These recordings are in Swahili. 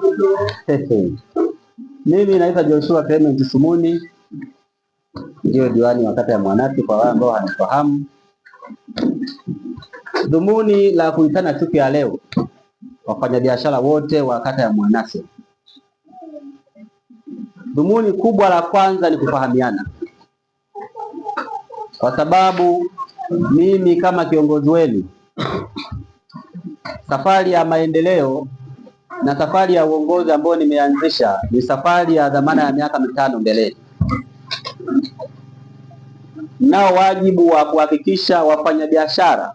Mimi naitwa Joshua Clement Sumuni, ndio diwani wa kata ya Mwanati kwa wale ambao wanafahamu. Dhumuni la kuitana siku ya leo, wafanyabiashara wote wa kata ya Mwanati, dhumuni kubwa la kwanza ni kufahamiana, kwa sababu mimi kama kiongozi wenu safari ya maendeleo na safari ya uongozi ambayo nimeanzisha ni safari ya dhamana ya miaka mitano mbeleni. Nao wajibu wa kuhakikisha wafanyabiashara,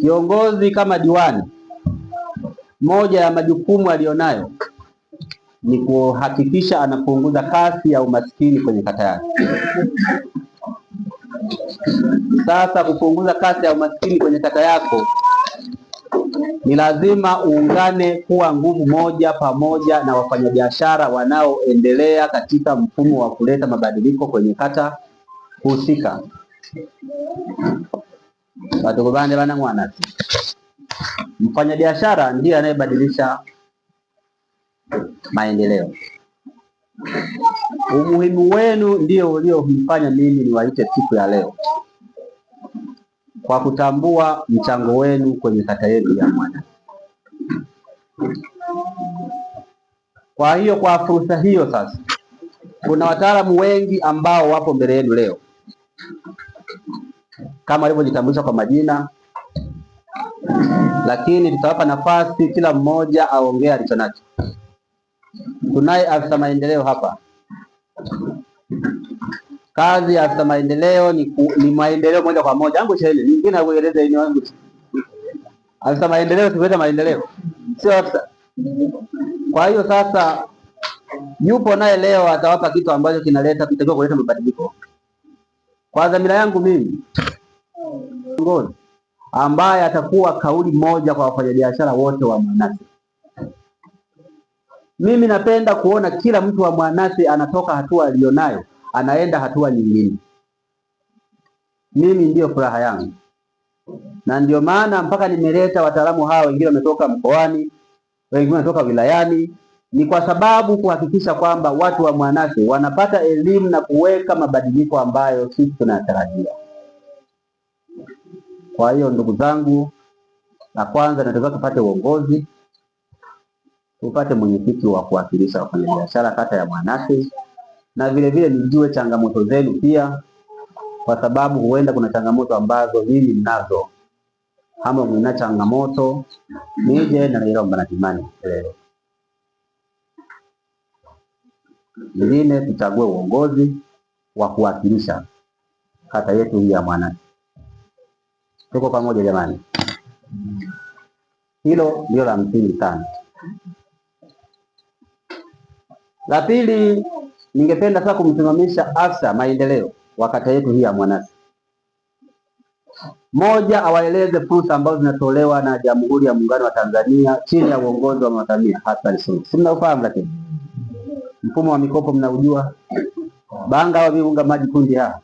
kiongozi kama diwani, moja ya majukumu aliyonayo ni kuhakikisha anapunguza kasi ya umaskini kwenye kata yake. Sasa kupunguza kasi ya umaskini kwenye kata yako ni lazima uungane kuwa nguvu moja pamoja na wafanyabiashara wanaoendelea katika mfumo wa kuleta mabadiliko kwenye kata husika. Wadogo bana mwana, mfanyabiashara ndiye anayebadilisha maendeleo. Umuhimu wenu ndio uliomfanya mimi niwaite siku ya leo kwa kutambua mchango wenu kwenye kata yetu ya Mwana. Kwa hiyo kwa fursa hiyo sasa, kuna wataalamu wengi ambao wapo mbele yenu leo kama walivyojitambulisha kwa majina, lakini tutawapa nafasi kila mmoja aongee alichonacho. Tunaye afisa maendeleo hapa. Kazi ya afisa maendeleo ni, ku, ni maendeleo moja kwa moja angu shaili nyingine nakueleza ini wangu. Afisa maendeleo sikuleta maendeleo, sio afisa. Kwa hiyo sasa yupo naye leo atawapa kitu ambacho kinaleta kitakiwa kuleta mabadiliko. Kwa dhamira yangu mimi kiongozi ambaye atakuwa kauli moja kwa wafanyabiashara wote wa Mwanase. Mimi napenda kuona kila mtu wa Mwanase anatoka hatua aliyonayo anaenda hatua nyingine. Mimi ndiyo furaha yangu, na ndio maana mpaka nimeleta wataalamu hawa, wengine wametoka mkoani, wengine wametoka wilayani, ni kwa sababu kuhakikisha kwamba watu wa Mwanase wanapata elimu na kuweka mabadiliko ambayo sisi tunayatarajia. Kwa hiyo ndugu zangu, la kwanza nataka tupate uongozi, tupate mwenyekiti wa kuwakilisha wafanyabiashara kata ya Mwanase na vilevile nijue changamoto zenu pia, kwa sababu huenda kuna changamoto ambazo mimi ninazo ama mna changamoto nije na natimani leo. Ingine tuchague uongozi wa kuwakilisha kata yetu hii ya Mwanati. Tuko pamoja jamani, hilo ndio la msingi sana. La pili Ningependa sasa kumsimamisha afisa maendeleo wa kata yetu hii ya Mwanase. Moja, awaeleze fursa ambazo zinatolewa na Jamhuri ya Muungano wa Tanzania chini ya uongozi wa Mama Samia Hassan Suluhu. Si mnaufahamu lakini mfumo wa mikopo mnaujua, banga wa viunga maji kundi hapa